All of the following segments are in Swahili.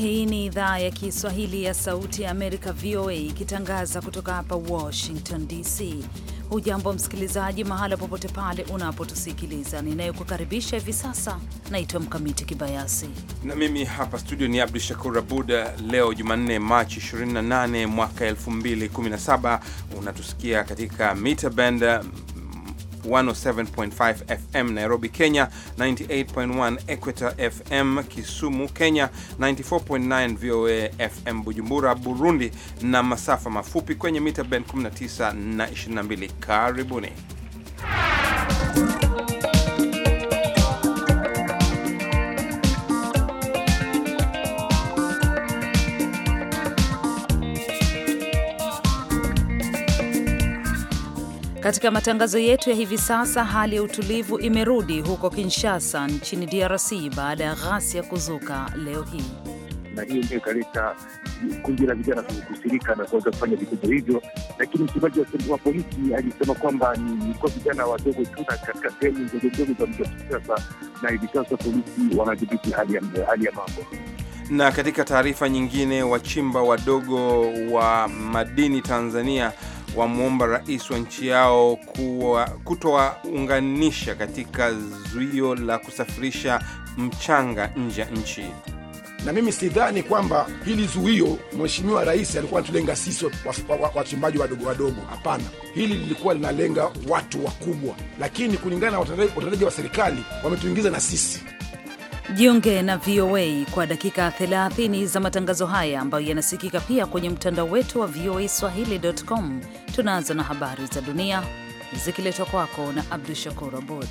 Hii ni idhaa ya Kiswahili ya Sauti ya Amerika, VOA, ikitangaza kutoka hapa Washington DC. Hujambo msikilizaji, mahala popote pale unapotusikiliza. Ninayekukaribisha hivi sasa naitwa Mkamiti Kibayasi na mimi hapa studio ni Abdu Shakur Abud. Leo Jumanne, Machi 28 mwaka 2017, unatusikia katika mita 107.5 FM Nairobi, Kenya, 98.1 Equator FM Kisumu, Kenya, 94.9 VOA FM Bujumbura, Burundi, na masafa mafupi kwenye mita band 19 na 22. Karibuni. Katika matangazo yetu ya hivi sasa, hali ya utulivu imerudi huko Kinshasa nchini DRC baada ya ghasia kuzuka leo hii, na hiyo ndio ikaleta kundi la vijana kukusirika na kuweza kufanya vitendo hivyo. Lakini msemaji wa polisi alisema kwamba nilikuwa vijana wadogo tu na katika sehemu ndogondogo za mji wa Kinshasa, na hivi sasa polisi wanadhibiti hali ya mambo na katika taarifa nyingine, wachimba wadogo wa madini Tanzania wamwomba rais wa nchi yao kutowaunganisha katika zuio la kusafirisha mchanga nje ya nchi. Na mimi sidhani kwamba hili zuio mheshimiwa rais alikuwa anatulenga sisi wachimbaji wadogo wadogo. Hapana, hili lilikuwa linalenga watu wakubwa, lakini kulingana na watendaji wa serikali wametuingiza na sisi Jiunge na VOA kwa dakika 30 za matangazo haya ambayo yanasikika pia kwenye mtandao wetu wa VOA Swahili.com. Tunaanza na habari za dunia zikiletwa kwako na Abdu Shakur Abod.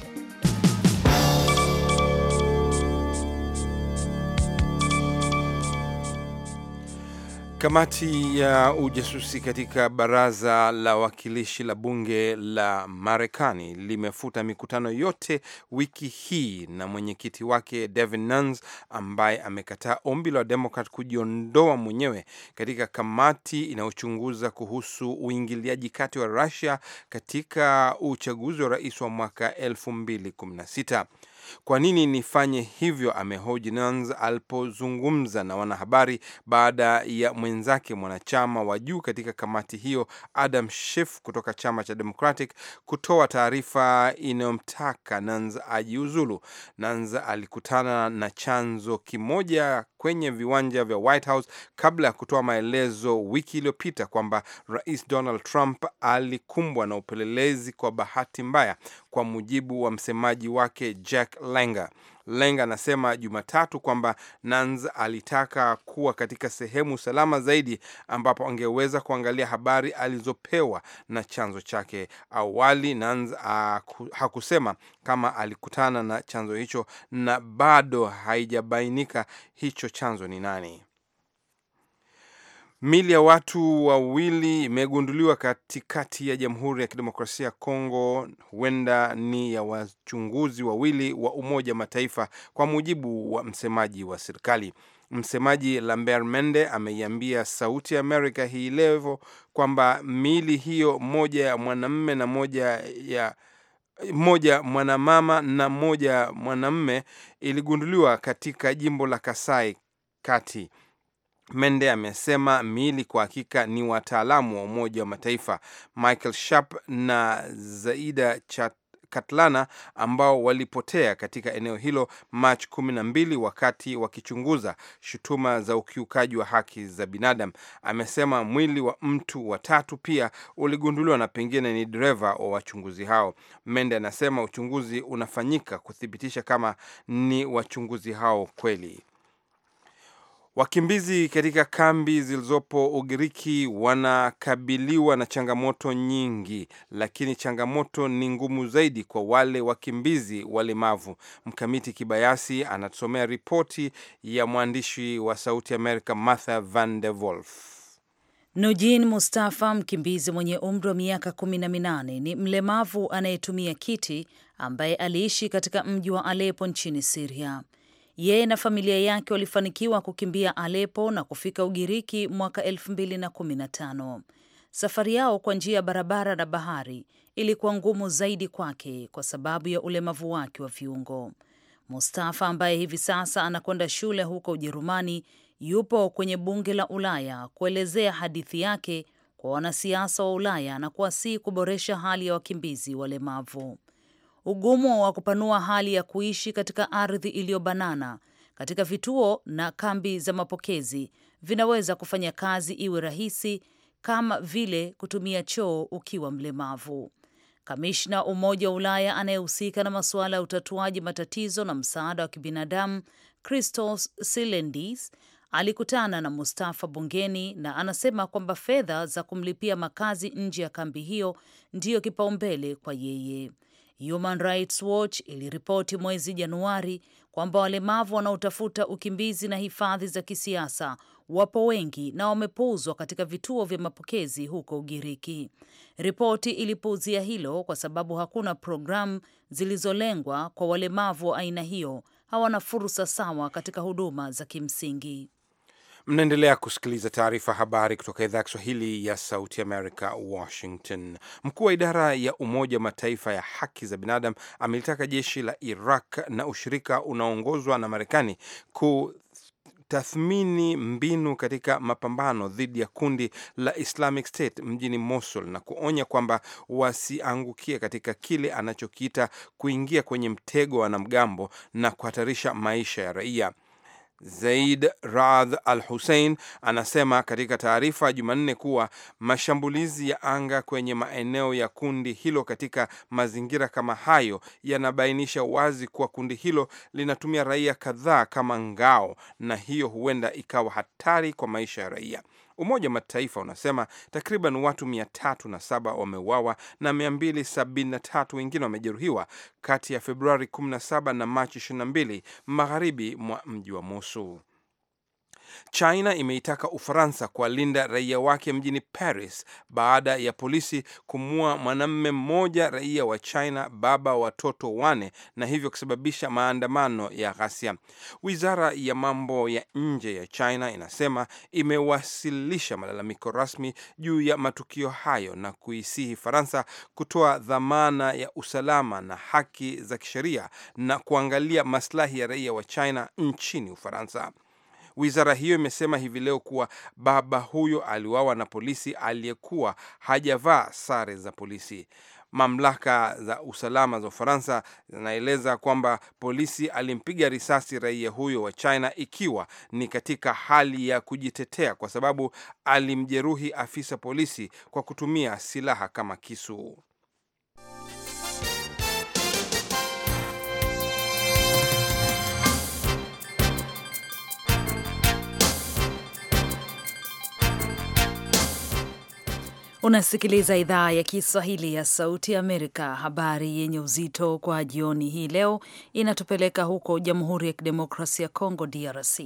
Kamati ya ujasusi katika baraza la wakilishi la bunge la Marekani limefuta mikutano yote wiki hii na mwenyekiti wake Devin Nunes ambaye amekataa ombi la Wademokrat kujiondoa mwenyewe katika kamati inayochunguza kuhusu uingiliaji kati wa rusia katika uchaguzi wa rais wa mwaka 2016. Kwa nini nifanye hivyo? amehoji nans alipozungumza na wanahabari baada ya mwenzake mwanachama wa juu katika kamati hiyo Adam Schiff kutoka chama cha Democratic kutoa taarifa inayomtaka nans ajiuzulu. nans alikutana na chanzo kimoja kwenye viwanja vya White House kabla ya kutoa maelezo wiki iliyopita kwamba Rais Donald Trump alikumbwa na upelelezi kwa bahati mbaya, kwa mujibu wa msemaji wake Jack Lenga. Lenga anasema Jumatatu kwamba Nanz alitaka kuwa katika sehemu salama zaidi ambapo angeweza kuangalia habari alizopewa na chanzo chake. Awali Nanz hakusema kama alikutana na chanzo hicho na bado haijabainika hicho chanzo ni nani. Mili ya watu wawili imegunduliwa katikati ya Jamhuri ya Kidemokrasia ya Kongo, huenda ni ya wachunguzi wawili wa Umoja Mataifa, kwa mujibu wa msemaji wa serikali. Msemaji Lambert Mende ameiambia Sauti ya Amerika hii leo kwamba miili hiyo, moja ya mwanamme na moja ya moja mwanamama na moja mwanamme, iligunduliwa katika jimbo la Kasai Kati. Mende amesema miili kwa hakika ni wataalamu wa Umoja wa Mataifa Michael Sharp na Zaida Chat Katlana ambao walipotea katika eneo hilo Machi kumi na mbili wakati wakichunguza shutuma za ukiukaji wa haki za binadamu. Amesema mwili wa mtu watatu pia uligunduliwa na pengine ni dereva wa wachunguzi hao. Mende anasema uchunguzi unafanyika kuthibitisha kama ni wachunguzi hao kweli. Wakimbizi katika kambi zilizopo Ugiriki wanakabiliwa na changamoto nyingi, lakini changamoto ni ngumu zaidi kwa wale wakimbizi walemavu. Mkamiti Kibayasi anatusomea ripoti ya mwandishi wa Sauti Amerika Martha Van de Wolf. Nujin Mustafa, mkimbizi mwenye umri wa miaka kumi na minane, ni mlemavu anayetumia kiti ambaye aliishi katika mji wa Alepo nchini Siria. Yeye na familia yake walifanikiwa kukimbia alepo na kufika Ugiriki mwaka 2015. Safari yao kwa njia ya barabara na bahari ilikuwa ngumu zaidi kwake kwa sababu ya ulemavu wake wa viungo. Mustafa ambaye hivi sasa anakwenda shule huko Ujerumani yupo kwenye bunge la Ulaya kuelezea hadithi yake kwa wanasiasa wa Ulaya na kuwasihi kuboresha hali ya wakimbizi walemavu ugumu wa kupanua hali ya kuishi katika ardhi iliyobanana katika vituo na kambi za mapokezi vinaweza kufanya kazi iwe rahisi kama vile kutumia choo ukiwa mlemavu. Kamishna Umoja wa Ulaya anayehusika na masuala ya utatuaji matatizo na msaada wa kibinadamu Christos Silendis alikutana na Mustafa bungeni na anasema kwamba fedha za kumlipia makazi nje ya kambi hiyo ndiyo kipaumbele kwa yeye. Human Rights Watch iliripoti mwezi Januari kwamba walemavu wanaotafuta ukimbizi na hifadhi za kisiasa wapo wengi na wamepuuzwa katika vituo vya mapokezi huko Ugiriki. Ripoti ilipuuzia hilo kwa sababu hakuna programu zilizolengwa kwa walemavu wa aina hiyo, hawana fursa sawa katika huduma za kimsingi. Mnaendelea kusikiliza taarifa habari kutoka idhaa ya Kiswahili ya sauti Amerika, Washington. Mkuu wa idara ya Umoja wa Mataifa ya haki za binadamu amelitaka jeshi la Iraq na ushirika unaoongozwa na Marekani ku tathmini mbinu katika mapambano dhidi ya kundi la Islamic State mjini Mosul na kuonya kwamba wasiangukie katika kile anachokiita kuingia kwenye mtego wa wanamgambo na kuhatarisha maisha ya raia. Zaid Radh Al Hussein anasema katika taarifa Jumanne kuwa mashambulizi ya anga kwenye maeneo ya kundi hilo katika mazingira kama hayo yanabainisha wazi kuwa kundi hilo linatumia raia kadhaa kama ngao na hiyo huenda ikawa hatari kwa maisha ya raia. Umoja wa Mataifa unasema takriban watu 307 wameuawa na 273 wengine wamejeruhiwa kati ya Februari 17 na Machi 22 magharibi mwa mji wa Mosul. China imeitaka Ufaransa kuwalinda raia wake mjini Paris baada ya polisi kumua mwanamume mmoja raia wa China, baba watoto wane, na hivyo kusababisha maandamano ya ghasia. Wizara ya mambo ya nje ya China inasema imewasilisha malalamiko rasmi juu ya matukio hayo na kuisihi Faransa kutoa dhamana ya usalama na haki za kisheria na kuangalia maslahi ya raia wa China nchini Ufaransa. Wizara hiyo imesema hivi leo kuwa baba huyo aliuawa na polisi aliyekuwa hajavaa sare za polisi. Mamlaka za usalama za Ufaransa zinaeleza kwamba polisi alimpiga risasi raia huyo wa China ikiwa ni katika hali ya kujitetea, kwa sababu alimjeruhi afisa polisi kwa kutumia silaha kama kisu. Unasikiliza idhaa ya Kiswahili ya Sauti Amerika. Habari yenye uzito kwa jioni hii leo inatupeleka huko Jamhuri ya Kidemokrasia ya Kongo, DRC,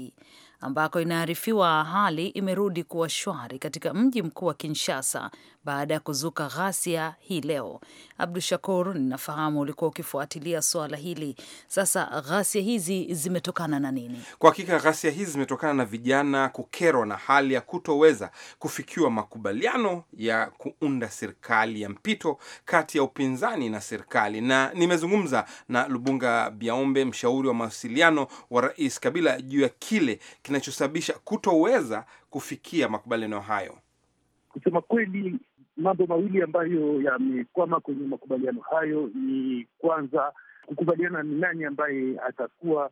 ambako inaarifiwa hali imerudi kuwa shwari katika mji mkuu wa Kinshasa baada ya kuzuka ghasia hii leo. Abdu Shakur, ninafahamu ulikuwa ukifuatilia suala hili. Sasa ghasia hizi zimetokana na nini? Kwa hakika ghasia hizi zimetokana na vijana kukerwa na hali ya kutoweza kufikiwa makubaliano ya kuunda serikali ya mpito kati ya upinzani na serikali, na nimezungumza na Lubunga Biaombe, mshauri wa mawasiliano wa Rais Kabila juu ya kile kinachosababisha kutoweza kufikia makubaliano hayo. Kusema kweli mambo mawili ambayo yamekwama kwenye makubaliano hayo ni kwanza, kukubaliana ni nani ambaye atakuwa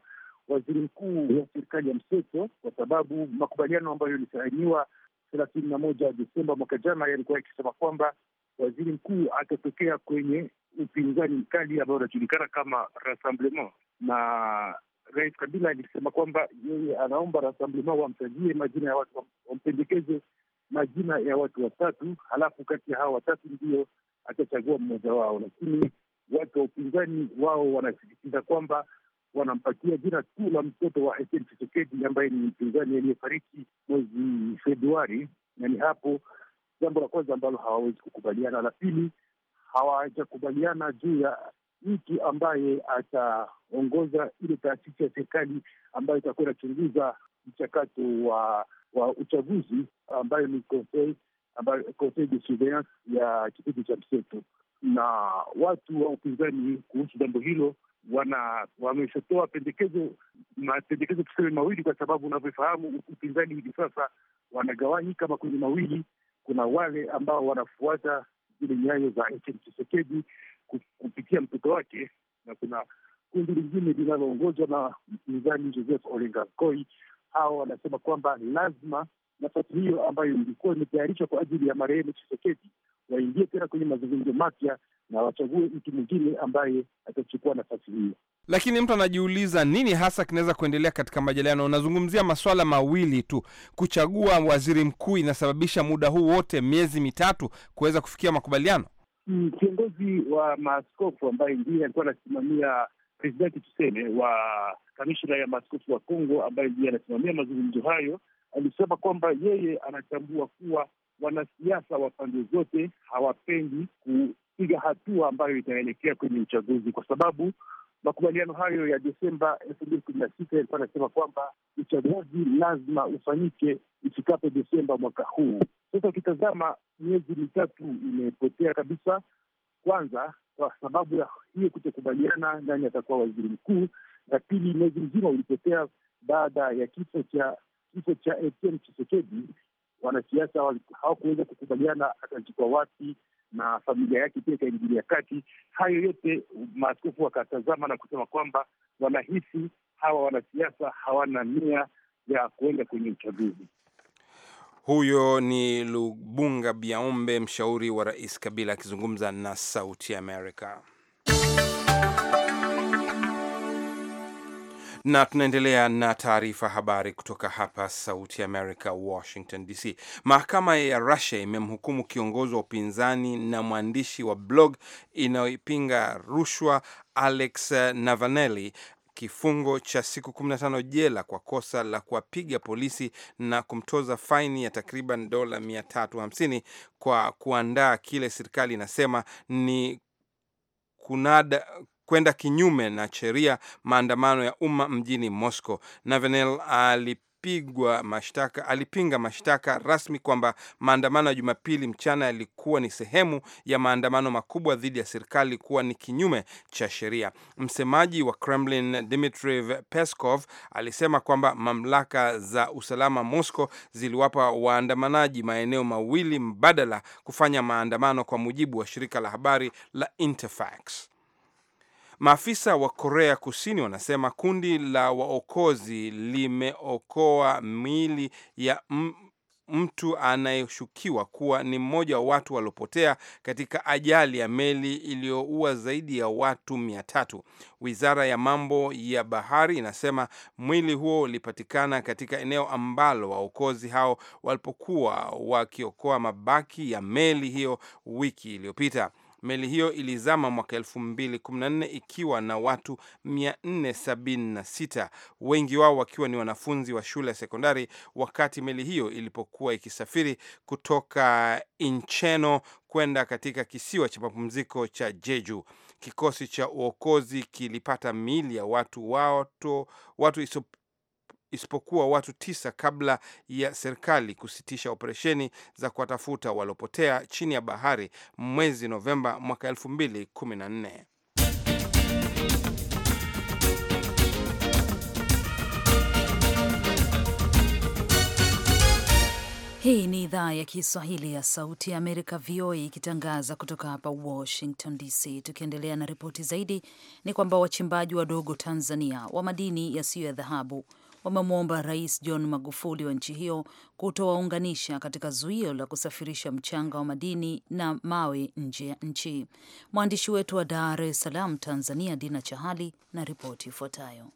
waziri mkuu wa serikali ya mseto, kwa sababu makubaliano ambayo yalisainiwa thelathini na moja Desemba mwaka jana yalikuwa yakisema kwamba waziri mkuu atatokea kwenye upinzani mkali ambao unajulikana kama Rassemblement, na Rais Kabila alisema kwamba yeye anaomba Rassemblement wamtajie majina ya watu wampendekeze majina ya watu watatu, halafu kati ya hawa watatu ndio atachagua mmoja wao, lakini watu wa upinzani wao wanasisitiza kwamba wanampatia jina tu la mtoto wa Etienne Tshisekedi ambaye ni mpinzani aliyefariki mwezi Februari, na ni hapo jambo la kwanza ambalo hawawezi kukubaliana. La pili, hawajakubaliana juu ya mtu ambaye ataongoza ile taasisi ya serikali ambayo itakuwa inachunguza mchakato wa wa uchaguzi ambayo ni conseil ambayo conseil de surveillance ya kipindi cha mseto, na watu wa upinzani kuhusu jambo hilo wana wameshatoa pendekezo mapendekezo tuseme mawili, kwa sababu unavyofahamu upinzani hivi sasa wanagawanyika makundi mawili. Kuna wale ambao wanafuata zile nyayo za Etienne Tshisekedi kupitia mtoto wake, na kuna kundi lingine linaloongozwa na mpinzani Joseph Olenga Nkoi hao wanasema kwamba lazima nafasi hiyo ambayo ilikuwa imetayarishwa kwa ajili ya marehemu Tshisekedi waingie tena kwenye mazungumzo mapya na wachague mtu mwingine ambaye atachukua nafasi hiyo. Lakini mtu anajiuliza nini hasa kinaweza kuendelea katika majadiliano. Unazungumzia maswala mawili tu, kuchagua waziri mkuu inasababisha muda huu wote miezi mitatu kuweza kufikia makubaliano. Mm, kiongozi wa maaskofu ambaye ndiye alikuwa anasimamia presidenti tuseme wa kamishina ya maskofu wa Kongo ambaye ndiye anasimamia mazungumzo hayo alisema kwamba yeye anatambua kuwa wanasiasa wa pande zote hawapendi kupiga hatua ambayo itaelekea kwenye uchaguzi, kwa sababu makubaliano hayo ya Desemba elfu mbili kumi na sita yalikuwa anasema kwamba uchaguzi lazima ufanyike ifikapo Desemba mwaka huu. Sasa ukitazama miezi mitatu imepotea kabisa. Kwanza kwa sababu ya hiyo kutokubaliana, nani atakuwa waziri mkuu. Na pili, mwezi mzima ulipotea baada ya kifo cha kifo cha Etienne Tshisekedi. Wanasiasa hawakuweza kukubaliana atazikwa wapi, na familia yake pia ikaingilia kati. Hayo yote maaskofu wakatazama na kusema kwamba wanahisi hawa wanasiasa hawana nia ya kuenda kwenye uchaguzi. Huyo ni Lubunga Biaombe, mshauri wa Rais Kabila akizungumza na Sauti Amerika. na tunaendelea na taarifa habari kutoka hapa Sauti America, Washington DC. Mahakama ya Rusia imemhukumu kiongozi wa upinzani na mwandishi wa blog inayoipinga rushwa Alex Navalny kifungo cha siku 15 jela kwa kosa la kuwapiga polisi na kumtoza faini ya takriban dola 350 kwa kuandaa kile serikali inasema ni kunada kwenda kinyume na sheria maandamano ya umma mjini Moscow. Navenel alip alipigwa mashtaka, alipinga mashtaka rasmi kwamba maandamano ya Jumapili mchana yalikuwa ni sehemu ya maandamano makubwa dhidi ya serikali kuwa ni kinyume cha sheria. Msemaji wa Kremlin Dmitry Peskov alisema kwamba mamlaka za usalama Moscow ziliwapa waandamanaji maeneo mawili mbadala kufanya maandamano, kwa mujibu wa shirika la habari la Interfax. Maafisa wa Korea Kusini wanasema kundi la waokozi limeokoa miili ya mtu anayeshukiwa kuwa ni mmoja wa watu waliopotea katika ajali ya meli iliyoua zaidi ya watu mia tatu. Wizara ya mambo ya bahari inasema mwili huo ulipatikana katika eneo ambalo waokozi hao walipokuwa wakiokoa mabaki ya meli hiyo wiki iliyopita. Meli hiyo ilizama mwaka 2014 ikiwa na watu 476, wengi wao wakiwa ni wanafunzi wa shule ya sekondari, wakati meli hiyo ilipokuwa ikisafiri kutoka Incheno kwenda katika kisiwa cha mapumziko cha Jeju. Kikosi cha uokozi kilipata miili ya watu, watu, watu isipokuwa watu tisa kabla ya serikali kusitisha operesheni za kuwatafuta waliopotea chini ya bahari mwezi Novemba mwaka 2014. Hii ni idhaa ya Kiswahili ya Sauti ya Amerika, VOA, ikitangaza kutoka hapa Washington DC. Tukiendelea na ripoti zaidi, ni kwamba wachimbaji wadogo Tanzania wa madini yasiyo ya dhahabu ya wamemwomba Rais John Magufuli wa nchi hiyo kutowaunganisha katika zuio la kusafirisha mchanga wa madini na mawe nje ya nchi. Mwandishi wetu wa Dar es Salaam, Tanzania, Dina Chahali na ripoti ifuatayo.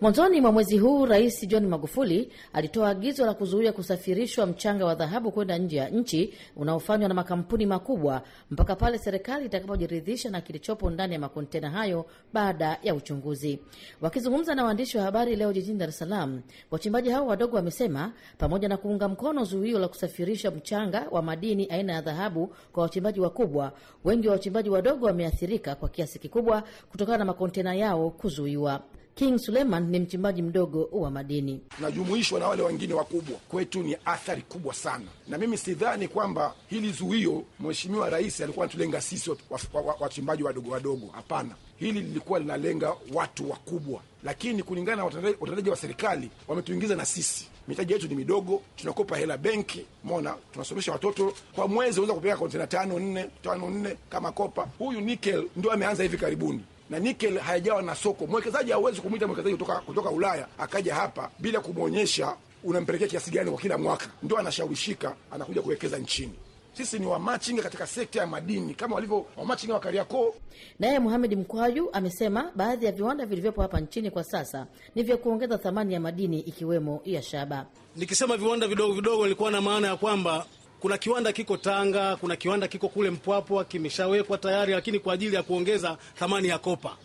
Mwanzoni mwa mwezi huu Rais John Magufuli alitoa agizo la kuzuia kusafirishwa mchanga wa dhahabu kwenda nje ya nchi unaofanywa na makampuni makubwa mpaka pale serikali itakapojiridhisha na kilichopo ndani ya makontena hayo baada ya uchunguzi. Wakizungumza na waandishi wa habari leo jijini Dar es Salaam, wachimbaji hao wadogo wamesema pamoja na kuunga mkono zuio la kusafirisha mchanga wa madini aina ya dhahabu kwa wachimbaji wakubwa, wengi wa wachimbaji wadogo wameathirika kwa kiasi kikubwa kutokana na makontena yao kuzuiwa. King Suleiman ni mchimbaji mdogo wa madini. Tunajumuishwa na wale wengine wakubwa, kwetu ni athari kubwa sana, na mimi sidhani kwamba hili zuio Mheshimiwa Rais alikuwa anatulenga sisi wachimbaji wadogo wadogo, hapana. Hili lilikuwa linalenga watu wakubwa, lakini kulingana na watendaji wa serikali wametuingiza na sisi. Mitaji yetu ni midogo, tunakopa hela benki, mona tunasomesha watoto kwa mwezi, unaweza kupeleka kontena tano nne tano nne kama kopa. Huyu nikel ndio ameanza hivi karibuni na nikel hayajawa na soko. Mwekezaji hawezi kumwita mwekezaji kutoka, kutoka Ulaya akaja hapa bila kumwonyesha unampelekea kiasi gani kwa kila mwaka, ndio anashawishika, anakuja kuwekeza nchini. Sisi ni wamachinga katika sekta ya madini kama walivyo wamachinga wa Kariakoo. Naye Muhamedi Mkwaju amesema baadhi ya viwanda vilivyopo hapa nchini kwa sasa ni vya kuongeza thamani ya madini ikiwemo ya shaba. Nikisema viwanda vidogo vidogo, ilikuwa na maana ya kwamba kuna kiwanda kiko Tanga, kuna kiwanda kiko kule Mpwapwa kimeshawekwa tayari, lakini kwa ajili ya kuongeza thamani ya kopa.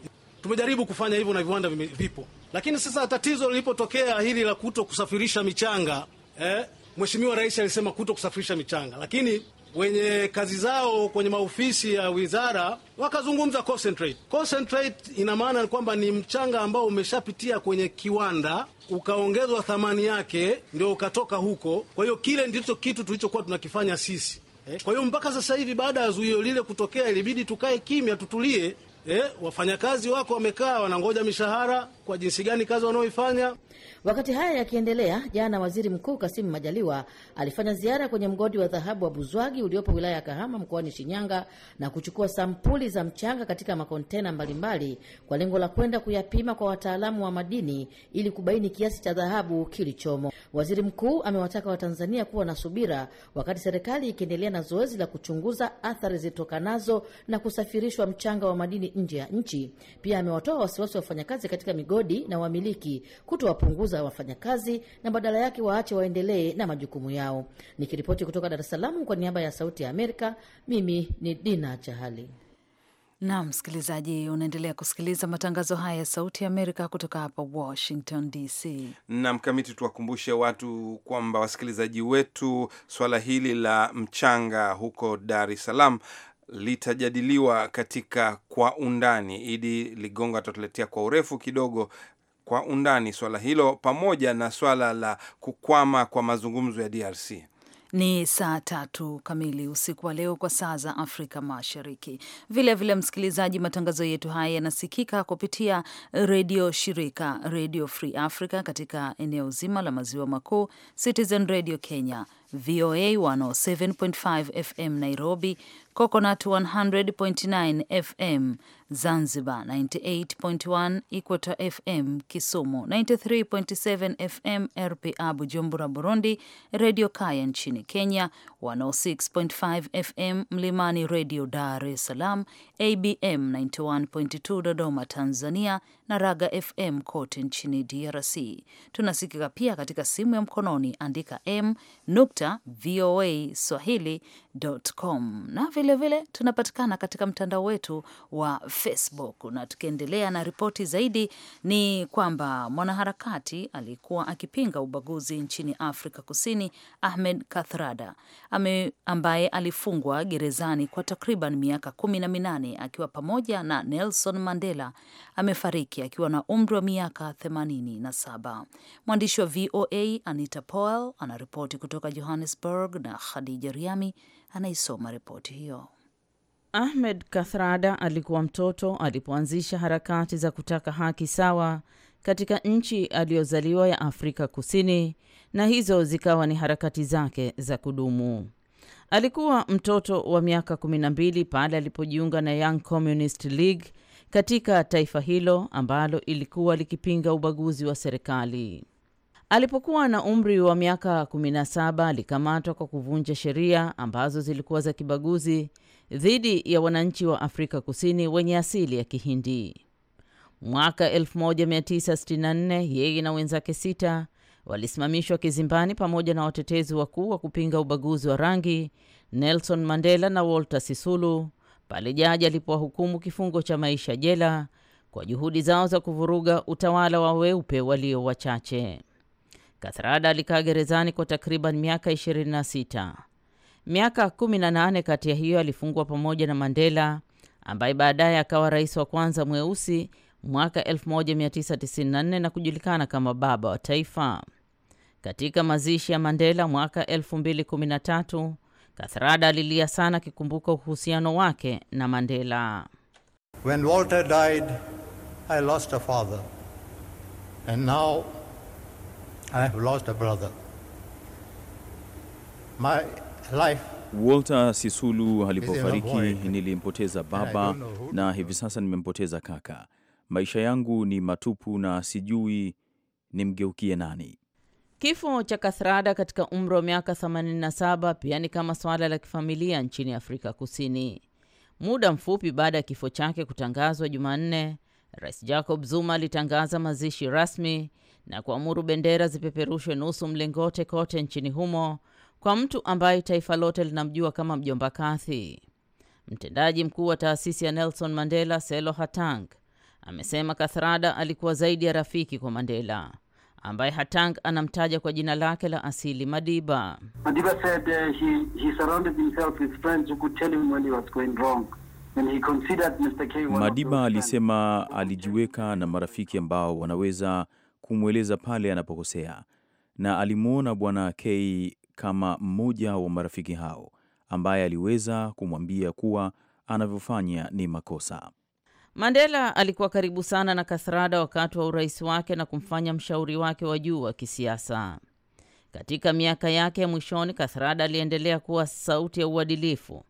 Tumejaribu kufanya hivyo na viwanda vipo, lakini sasa tatizo lilipotokea hili la kuto kusafirisha michanga eh, Mheshimiwa Rais alisema kuto kusafirisha michanga, lakini wenye kazi zao kwenye maofisi ya wizara wakazungumza concentrate. Concentrate ina maana kwamba ni mchanga ambao umeshapitia kwenye kiwanda ukaongezwa thamani yake ndio ukatoka huko. Kwa hiyo kile ndicho kitu tulichokuwa tunakifanya sisi eh. Kwa hiyo mpaka sasa hivi baada ya zuio lile kutokea, ilibidi tukae kimya, tutulie eh. Wafanyakazi wako wamekaa wanangoja mishahara kwa jinsi gani kazi wanaoifanya Wakati haya yakiendelea, jana Waziri Mkuu Kasimu Majaliwa alifanya ziara kwenye mgodi wa dhahabu wa Buzwagi uliopo wilaya ya Kahama mkoani Shinyanga na kuchukua sampuli za mchanga katika makontena mbalimbali kwa lengo la kwenda kuyapima kwa wataalamu wa madini ili kubaini kiasi cha dhahabu kilichomo. Waziri Mkuu amewataka Watanzania kuwa na subira wakati serikali ikiendelea na zoezi la kuchunguza athari zilitokanazo na kusafirishwa mchanga wa madini nje ya nchi. Pia amewatoa wasiwasi wa wafanyakazi katika migodi na wamiliki kutowapunguza kupunguza wafanyakazi na badala yake waache waendelee na majukumu yao. Nikiripoti kutoka Dar es Salaam kwa niaba ya Sauti ya Amerika, mimi ni Dina Chahali. na msikilizaji, unaendelea kusikiliza matangazo haya ya Sauti ya Amerika kutoka hapa Washington DC. Naam, Kamiti, tuwakumbushe watu kwamba wasikilizaji wetu, swala hili la mchanga huko Dar es Salaam litajadiliwa katika kwa undani. Idi Ligongo atatuletea kwa urefu kidogo kwa undani swala hilo pamoja na swala la kukwama kwa mazungumzo ya DRC. Ni saa tatu kamili usiku wa leo kwa saa za Afrika Mashariki. Vilevile vile, msikilizaji, matangazo yetu haya yanasikika kupitia redio shirika, Radio Free Africa katika eneo zima la maziwa makuu, Citizen Radio Kenya, VOA 107.5 FM Nairobi, Coconut 100.9 FM Zanzibar, 98.1 Equator FM Kisumu, 93.7 FM RPA Bujumbura Burundi, Radio Kaya nchini Kenya, 106.5 FM Mlimani Radio Dar es Salaam, ABM 91.2 Dodoma Tanzania na Raga FM kote nchini DRC. Tunasikika pia katika simu ya mkononi, andika m nukta voa swahili com na vilevile vile, tunapatikana katika mtandao wetu wa Facebook. Na tukiendelea na ripoti zaidi, ni kwamba mwanaharakati aliyekuwa akipinga ubaguzi nchini Afrika Kusini Ahmed Kathrada ame, ambaye alifungwa gerezani kwa takriban miaka kumi na minane akiwa pamoja na Nelson Mandela amefariki akiwa na umri wa miaka saba. Mwandishi wa VOA Anita Powell anaripoti kutoka Johannesburg na Khadija Riami anaisoma ripoti hiyo. Ahmed Kathrada alikuwa mtoto alipoanzisha harakati za kutaka haki sawa katika nchi aliyozaliwa ya Afrika Kusini, na hizo zikawa ni harakati zake za kudumu. Alikuwa mtoto wa miaka 12 pale alipojiunga na Young Communist League katika taifa hilo ambalo ilikuwa likipinga ubaguzi wa serikali. Alipokuwa na umri wa miaka 17 alikamatwa kwa kuvunja sheria ambazo zilikuwa za kibaguzi dhidi ya wananchi wa Afrika Kusini wenye asili ya Kihindi. Mwaka 1964 yeye na wenzake sita walisimamishwa kizimbani pamoja na watetezi wakuu wa kupinga ubaguzi wa rangi Nelson Mandela na Walter Sisulu pale jaji alipowahukumu kifungo cha maisha jela kwa juhudi zao za kuvuruga utawala wa weupe walio wachache. Kathrada alikaa gerezani kwa takriban miaka 26. Miaka 18 kati ya hiyo alifungwa pamoja na Mandela ambaye baadaye akawa rais wa kwanza mweusi mwaka 1994 na kujulikana kama baba wa taifa. Katika mazishi ya Mandela mwaka 2013, Kathrada alilia sana akikumbuka uhusiano wake na Mandela. When Walter died, I lost a father. And now I have lost a brother. My life Walter Sisulu alipofariki nilimpoteza baba na hivi sasa nimempoteza kaka. Maisha yangu ni matupu na sijui nimgeukie nani. Kifo cha Kathrada katika umri wa miaka 87 pia ni kama swala la kifamilia nchini Afrika Kusini. Muda mfupi baada ya kifo chake kutangazwa Jumanne, Rais Jacob Zuma alitangaza mazishi rasmi na kuamuru bendera zipeperushwe nusu mlingote kote nchini humo kwa mtu ambaye taifa lote linamjua kama mjomba Kathi. Mtendaji mkuu wa taasisi ya Nelson Mandela Selo Hatang amesema Kathrada alikuwa zaidi ya rafiki kwa Mandela ambaye Hatang anamtaja kwa jina lake la asili Madiba. Madiba said, uh, he, he surrounded himself with friends who could tell him when he was going wrong. Madiba alisema alijiweka na marafiki ambao wanaweza kumweleza pale anapokosea, na alimwona Bwana K kama mmoja wa marafiki hao ambaye aliweza kumwambia kuwa anavyofanya ni makosa. Mandela alikuwa karibu sana na Kathrada wakati wa urais wake na kumfanya mshauri wake wa juu wa kisiasa. Katika miaka yake ya mwishoni, Kathrada aliendelea kuwa sauti ya uadilifu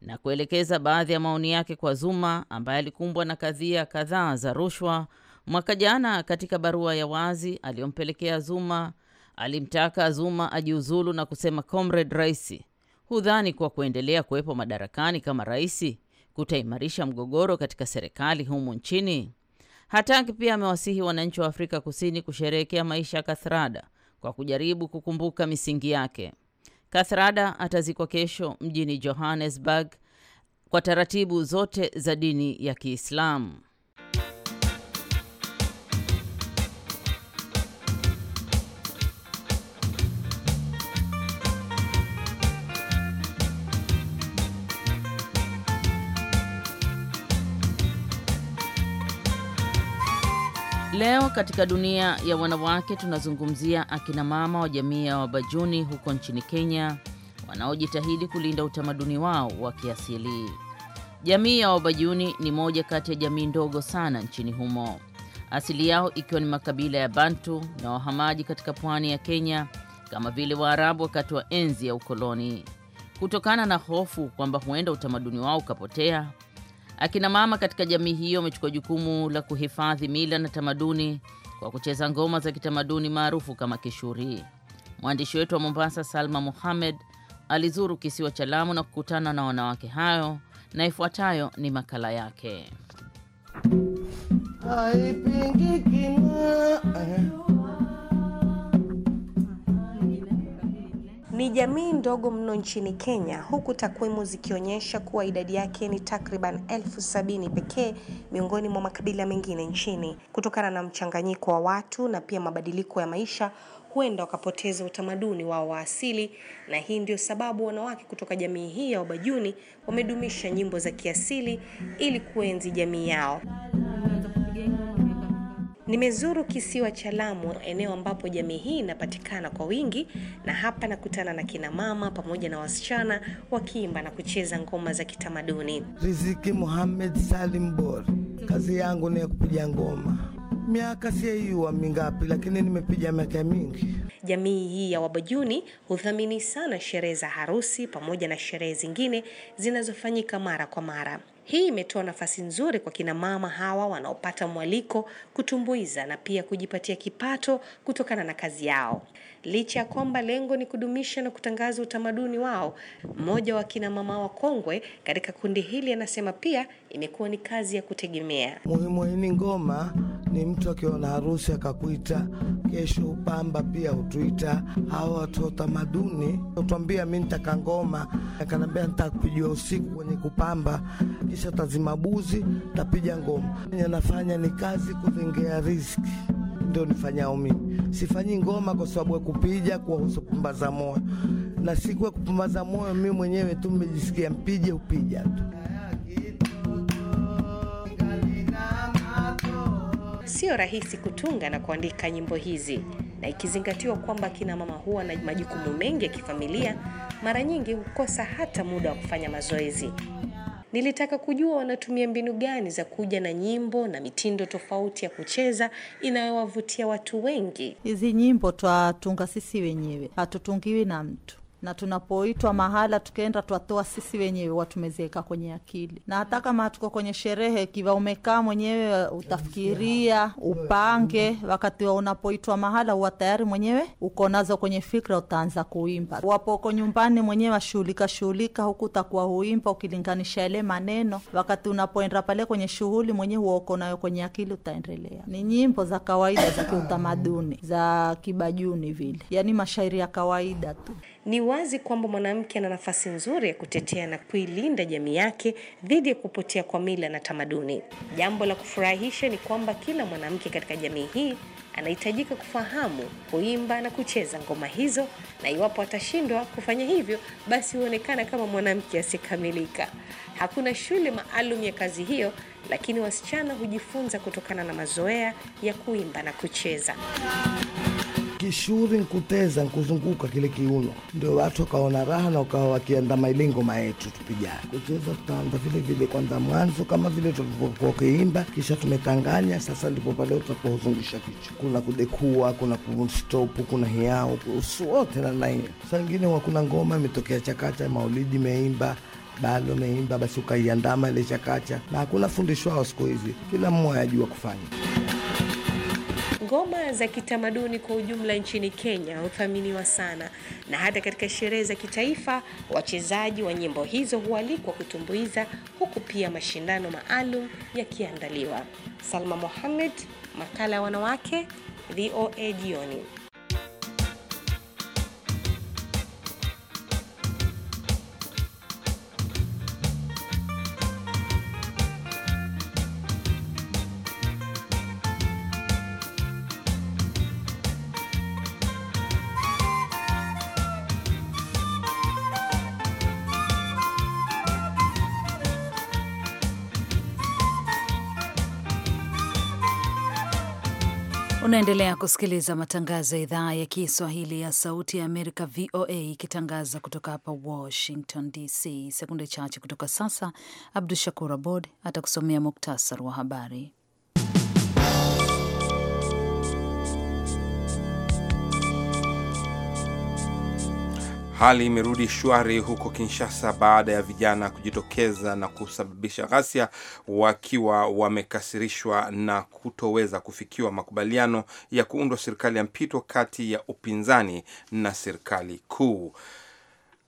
na kuelekeza baadhi ya maoni yake kwa Zuma ambaye alikumbwa na kadhia kadhaa za rushwa Mwaka jana katika barua ya wazi aliyompelekea Zuma alimtaka Zuma ajiuzulu na kusema, Comrade Raisi, hudhani kwa kuendelea kuwepo madarakani kama raisi kutaimarisha mgogoro katika serikali humu nchini? Hataki pia amewasihi wananchi wa Afrika Kusini kusherehekea maisha ya Kathrada kwa kujaribu kukumbuka misingi yake. Kathrada atazikwa kesho mjini Johannesburg kwa taratibu zote za dini ya Kiislamu. Leo katika dunia ya wanawake tunazungumzia akina mama wa jamii ya Wabajuni huko nchini Kenya wanaojitahidi kulinda utamaduni wao wa kiasili. Jamii ya Wabajuni ni moja kati ya jamii ndogo sana nchini humo, asili yao ikiwa ni makabila ya Bantu na wahamaji katika pwani ya Kenya kama vile Waarabu wakati wa enzi ya ukoloni. Kutokana na hofu kwamba huenda utamaduni wao ukapotea, akina mama katika jamii hiyo wamechukua jukumu la kuhifadhi mila na tamaduni kwa kucheza ngoma za kitamaduni maarufu kama kishuri. Mwandishi wetu wa Mombasa, Salma Muhamed, alizuru kisiwa cha Lamu na kukutana na wanawake hayo, na ifuatayo ni makala yake. Haipingiki na eh. ni jamii ndogo mno nchini Kenya, huku takwimu zikionyesha kuwa idadi yake ni takriban elfu sabini pekee miongoni mwa makabila mengine nchini. Kutokana na mchanganyiko wa watu na pia mabadiliko ya maisha, huenda wakapoteza utamaduni wao wa asili, na hii ndio sababu wanawake kutoka jamii hii ya Wabajuni wamedumisha nyimbo za kiasili ili kuenzi jamii yao. Nimezuru kisiwa cha Lamu, eneo ambapo jamii hii inapatikana kwa wingi, na hapa nakutana na kina mama pamoja na wasichana wakiimba na kucheza ngoma za kitamaduni. Riziki Muhamed Salim Bor, kazi yangu ni ya kupiga ngoma miaka siyeiwa mingapi, lakini nimepiga miaka mingi. Jamii hii ya Wabajuni hudhamini sana sherehe za harusi pamoja na sherehe zingine zinazofanyika mara kwa mara. Hii imetoa nafasi nzuri kwa kina mama hawa wanaopata mwaliko kutumbuiza na pia kujipatia kipato kutokana na kazi yao. Licha ya kwamba lengo ni kudumisha na kutangaza utamaduni wao, mmoja wa kina mama wakongwe katika kundi hili anasema pia imekuwa ni kazi ya kutegemea. Muhimu hili ngoma ni mtu akiwa na harusi akakuita, kesho upamba pia hutuita. Hawa watu wa utamaduni utwambia, mi ntaka ngoma, akanambia ntakupijiwa usiku kwenye kupamba, kisha tazima buzi, tapiga ngoma. Nafanya ni kazi kuzengea riziki ndio nifanyao mimi. Sifanyi ngoma kwa sababu ya kupija kuwahusu kupumbaza moyo, na siku ya kupumbaza moyo mimi mwenyewe tu nimejisikia mpije upija tu. Sio rahisi kutunga na kuandika nyimbo hizi, na ikizingatiwa kwamba kina mama huwa na majukumu mengi ya kifamilia, mara nyingi hukosa hata muda wa kufanya mazoezi. Nilitaka kujua wanatumia mbinu gani za kuja na nyimbo na mitindo tofauti ya kucheza inayowavutia watu wengi. Hizi nyimbo twatunga sisi wenyewe, hatutungiwi na mtu na tunapoitwa mahala tukenda twatoa sisi wenyewe, watumezeeka kwenye akili. Na hata kama tuko kwenye sherehe, kiva umekaa mwenyewe utafikiria, upange. Wakati wa unapoitwa mahala, huwa tayari mwenyewe uko nazo kwenye fikra, utaanza kuimba. Wapoko nyumbani mwenyewe washughulika shughulika, huku utakuwa huimba ukilinganisha ile maneno. Wakati unapoenda pale kwenye shughuli, mwenyewe huwa uko nayo kwenye akili, utaendelea. Ni nyimbo za kawaida za kiutamaduni za kibajuni vile, yani mashairi ya kawaida tu. Ni wazi kwamba mwanamke ana nafasi nzuri ya kutetea na kuilinda jamii yake dhidi ya kupotea kwa mila na tamaduni. Jambo la kufurahisha ni kwamba kila mwanamke katika jamii hii anahitajika kufahamu, kuimba na kucheza ngoma hizo, na iwapo atashindwa kufanya hivyo, basi huonekana kama mwanamke asiyekamilika. Hakuna shule maalum ya kazi hiyo, lakini wasichana hujifunza kutokana na mazoea ya kuimba na kucheza shughuli nkuteza nkuzunguka kile kiuno, ndio watu wakaona raha na wakawa wakianda mailingo maetu tupijana kucheza, tutaanza vile vile kwanza mwanzo kama vile tulivyokuwa ukiimba kisha tumetanganya. Sasa ndipo pale utakuwa huzungusha kichwa, kuna kudekua, kuna kustopu, kuna hiao usuwote na Saa ingine wakuna ngoma imetokea chakacha, maulidi meimba bado meimba, basi ukaiandama ile chakacha, na hakuna ao siku hizi, kila mmoja ajua kufanya Ngoma za kitamaduni kwa ujumla nchini Kenya huthaminiwa sana na hata katika sherehe za kitaifa wachezaji wa nyimbo hizo hualikwa kutumbuiza, huku pia mashindano maalum yakiandaliwa. Salma Mohamed, makala ya wanawake, VOA jioni. Unaendelea kusikiliza matangazo ya idhaa ya Kiswahili ya Sauti ya Amerika, VOA, ikitangaza kutoka hapa Washington DC. Sekunde chache kutoka sasa, Abdu Shakur Abod atakusomea muktasar wa habari. Hali imerudi shwari huko Kinshasa baada ya vijana kujitokeza na kusababisha ghasia wakiwa wamekasirishwa na kutoweza kufikiwa makubaliano ya kuundwa serikali ya mpito kati ya upinzani na serikali kuu.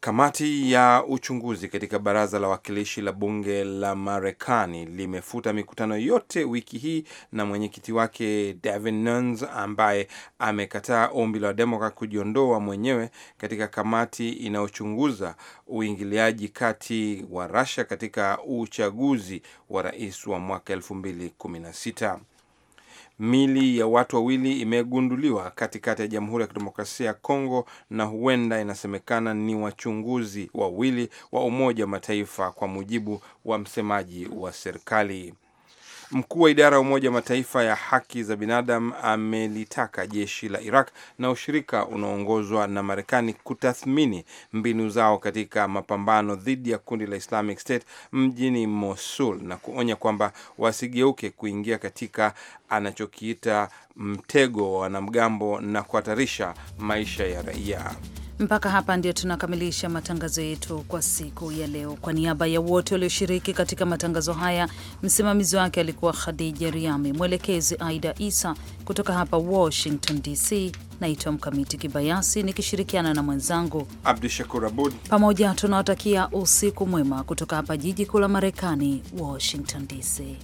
Kamati ya uchunguzi katika baraza la wakilishi la bunge la Marekani limefuta mikutano yote wiki hii na mwenyekiti wake Devin Nunes ambaye amekataa ombi la Wademokrat kujiondoa mwenyewe katika kamati inayochunguza uingiliaji kati wa Russia katika uchaguzi wa rais wa mwaka 216 Mili ya watu wawili imegunduliwa katikati ya Jamhuri ya Kidemokrasia ya Kongo, na huenda inasemekana ni wachunguzi wawili wa Umoja wa Mataifa, kwa mujibu wa msemaji wa serikali. Mkuu wa idara ya Umoja wa Mataifa ya haki za binadamu amelitaka jeshi la Iraq na ushirika unaoongozwa na Marekani kutathmini mbinu zao katika mapambano dhidi ya kundi la Islamic State mjini Mosul na kuonya kwamba wasigeuke kuingia katika anachokiita mtego wa wanamgambo na kuhatarisha maisha ya raia. Mpaka hapa ndio tunakamilisha matangazo yetu kwa siku ya leo. Kwa niaba ya wote walioshiriki katika matangazo haya, msimamizi wake alikuwa Khadija Riami, mwelekezi Aida Isa. Kutoka hapa Washington DC, naitwa Mkamiti Kibayasi nikishirikiana na mwenzangu Abdu Shakur Abud. Pamoja tunawatakia usiku mwema kutoka hapa jiji kuu la Marekani, Washington DC.